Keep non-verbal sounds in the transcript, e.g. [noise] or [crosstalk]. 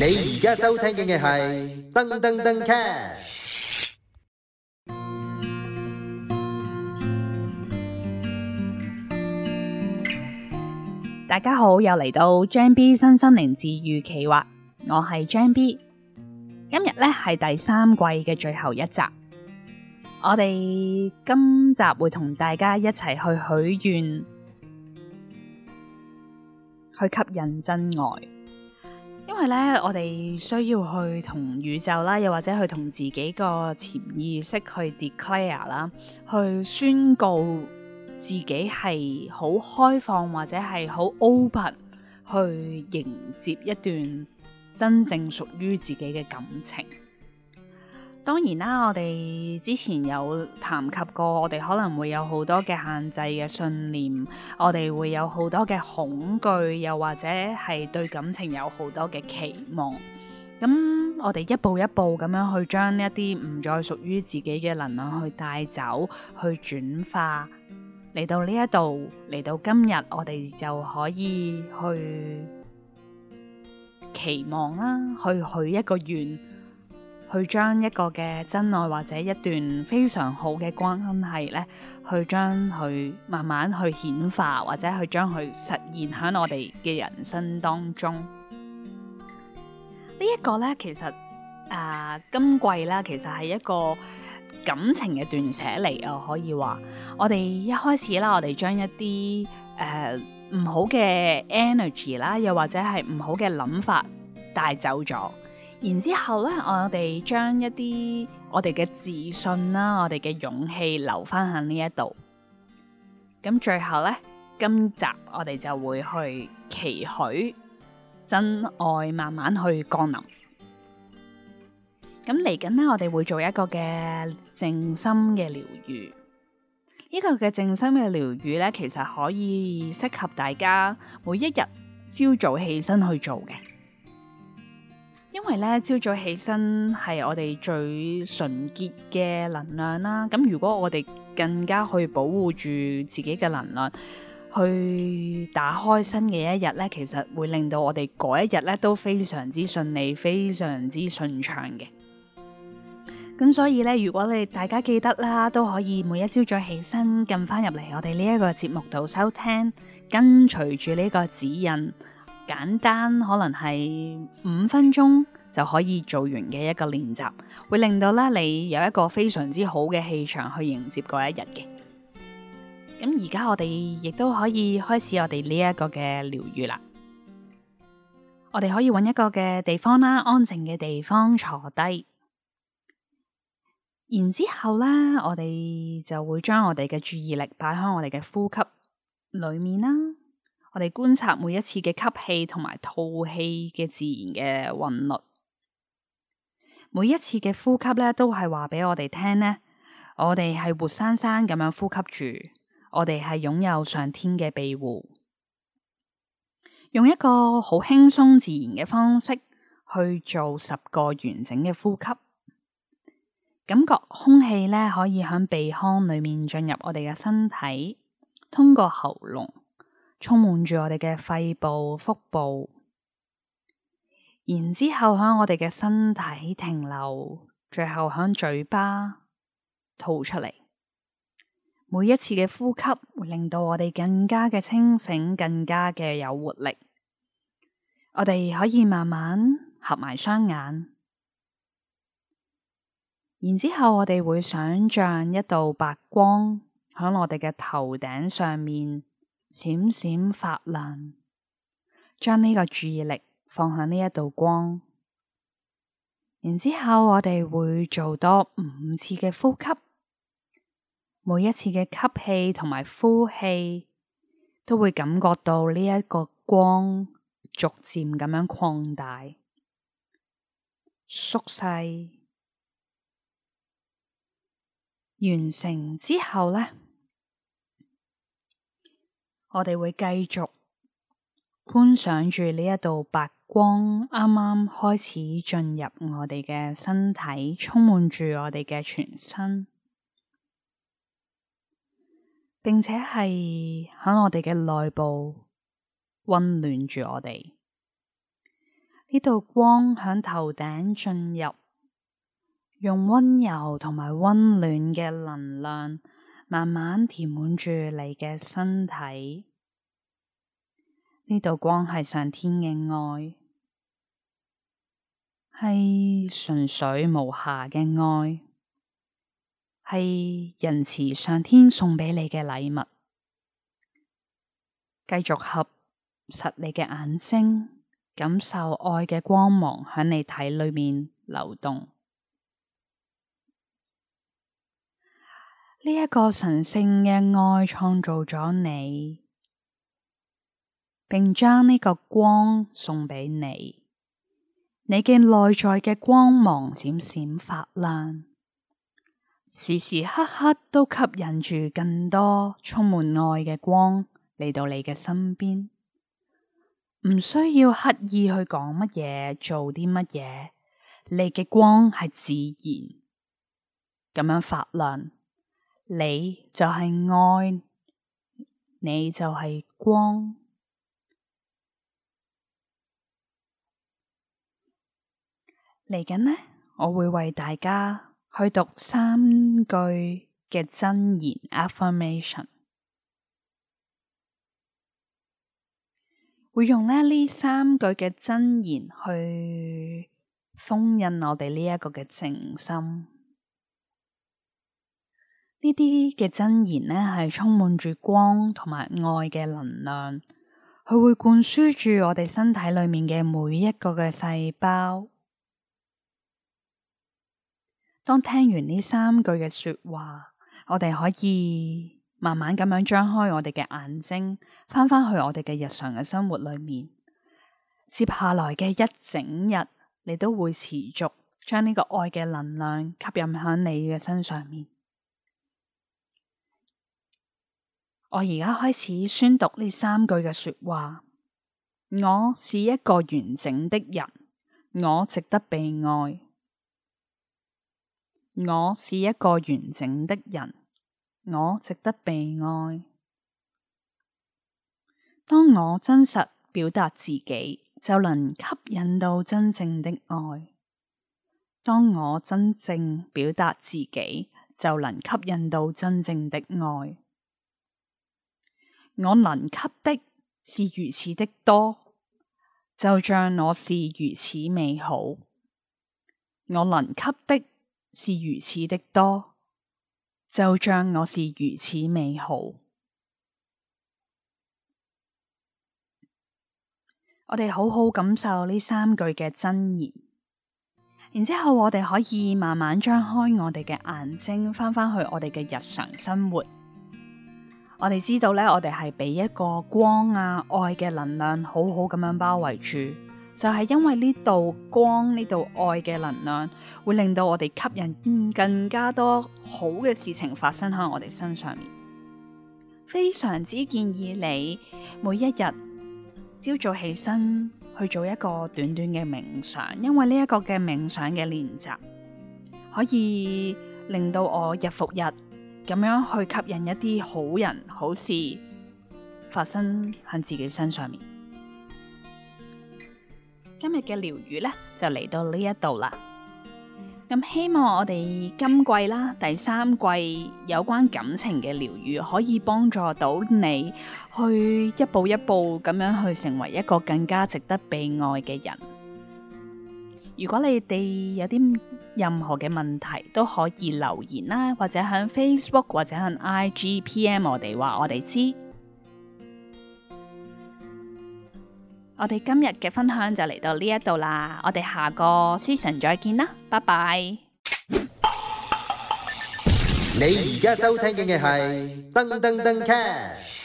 你而家收聽嘅係噔噔噔 cast 大家好，又嚟到張 B 身心靈治癒企劃，我係張 B。今日咧係第三季嘅最後一集，我哋今集會同大家一齊去許願，去吸引真愛。因為咧，我哋需要去同宇宙啦，又或者去同自己個潛意識去 declare 啦，去宣告自己係好開放，或者係好 open，去迎接一段真正屬於自己嘅感情。當然啦，我哋之前有談及過，我哋可能會有好多嘅限制嘅信念，我哋會有好多嘅恐懼，又或者係對感情有好多嘅期望。咁我哋一步一步咁樣去將呢一啲唔再屬於自己嘅能量去帶走，去轉化，嚟到呢一度，嚟到今日，我哋就可以去期望啦，去許一個願。去將一個嘅真愛或者一段非常好嘅關係咧，去將佢慢慢去顯化，或者去將佢實現喺我哋嘅人生當中。這個、呢一個咧，其實啊、呃，今季啦，其實係一個感情嘅斷捨離啊，可以話我哋一開始啦，我哋將一啲誒唔好嘅 energy 啦，又或者係唔好嘅諗法帶走咗。然之後咧，我哋將一啲我哋嘅自信啦，我哋嘅勇氣留翻喺呢一度。咁最後咧，今集我哋就會去期許真愛慢慢去降臨。咁嚟緊呢，我哋會做一個嘅靜心嘅療愈。這個、靜療愈呢個嘅靜心嘅療愈咧，其實可以適合大家每一日朝早起身去做嘅。因為咧，朝早起身係我哋最純潔嘅能量啦。咁如果我哋更加去保護住自己嘅能量，去打開新嘅一日咧，其實會令到我哋嗰一日咧都非常之順利，非常之順暢嘅。咁所以咧，如果你大家記得啦，都可以每一朝早起身，撳返入嚟我哋呢一個節目度收聽，跟隨住呢個指引。簡單可能係五分鐘就可以做完嘅一個練習，會令到咧你有一個非常之好嘅氣場去迎接嗰一日嘅。咁而家我哋亦都可以開始我哋呢一個嘅療癒啦。我哋可以揾一個嘅地方啦，安靜嘅地方坐低，然之後咧我哋就會將我哋嘅注意力擺喺我哋嘅呼吸裏面啦。我哋觀察每一次嘅吸氣同埋吐氣嘅自然嘅韻律，每一次嘅呼吸咧，都係話俾我哋聽呢，我哋係活生生咁樣呼吸住，我哋係擁有上天嘅庇護，用一個好輕鬆自然嘅方式去做十個完整嘅呼吸，感覺空氣呢可以響鼻腔裏面進入我哋嘅身體，通過喉嚨。充滿住我哋嘅肺部、腹部，然之後響我哋嘅身體停留，最後響嘴巴吐出嚟。每一次嘅呼吸會令到我哋更加嘅清醒，更加嘅有活力。我哋可以慢慢合埋雙眼，然之後我哋會想象一道白光響我哋嘅頭頂上面。閃閃發亮，將呢個注意力放向呢一道光，然之後我哋會做多五次嘅呼吸，每一次嘅吸氣同埋呼氣，都會感覺到呢一個光逐漸咁樣擴大、縮細。完成之後呢。我哋會繼續觀想住呢一道白光，啱啱開始進入我哋嘅身體，充滿住我哋嘅全身，並且係響我哋嘅內部溫暖住我哋。呢道光響頭頂進入，用溫柔同埋溫暖嘅能量。慢慢填滿住你嘅身體，呢道光係上天嘅愛，係純粹無瑕嘅愛，係仁慈上天送俾你嘅禮物。繼續合實你嘅眼睛，感受愛嘅光芒響你體裏面流動。呢一個神聖嘅愛創造咗你，並將呢個光送俾你。你嘅內在嘅光芒閃閃發亮，時時刻刻都吸引住更多充滿愛嘅光嚟到你嘅身邊。唔需要刻意去講乜嘢，做啲乜嘢，你嘅光係自然咁樣發亮。你就係愛，你就係光。嚟緊呢，我會為大家去讀三句嘅真言 affirmation，會用咧呢三句嘅真言去封印我哋呢一個嘅靜心。呢啲嘅真言呢，係充滿住光同埋愛嘅能量，佢會灌輸住我哋身體裏面嘅每一個嘅細胞。當聽完呢三句嘅說話，我哋可以慢慢咁樣張開我哋嘅眼睛，翻返去我哋嘅日常嘅生活裏面。接下來嘅一整日，你都會持續將呢個愛嘅能量吸引響你嘅身上面。我而家開始宣讀呢三句嘅說話。我是一個完整的人，我值得被愛。我是一個完整的人，我值得被愛。當我真實表達自己，就能吸引到真正的愛。當我真正表達自己，就能吸引到真正的愛。我能給的是如此的多，就像我是如此美好。我能給的是如此的多，就像我是如此美好。 [music] 我哋好好感受呢三句嘅真言，然之後我哋可以慢慢張開我哋嘅眼睛，翻返去我哋嘅日常生活。我哋知道咧，我哋係畀一個光啊、愛嘅能量好好咁樣包圍住，就係因為呢度光、呢度愛嘅能量會令到我哋吸引更加多好嘅事情發生喺我哋身上面。非常之建議你每一日朝早起身去做一個短短嘅冥想，因為呢一個嘅冥想嘅練習可以令到我日復日。咁樣去吸引一啲好人好事發生喺自己身上面。今日嘅療癒呢，就嚟到呢一度啦。咁、嗯、希望我哋今季啦，第三季有關感情嘅療癒，可以幫助到你去一步一步咁樣去成為一個更加值得被愛嘅人。如果你哋有啲任何嘅問題，都可以留言啦，或者喺 Facebook 或者喺 IG PM，我哋話我哋知。 [noise] 我哋今日嘅分享就嚟到呢一度啦，我哋下個 season 再見啦，拜拜。你而家收聽緊嘅係噔噔噔 c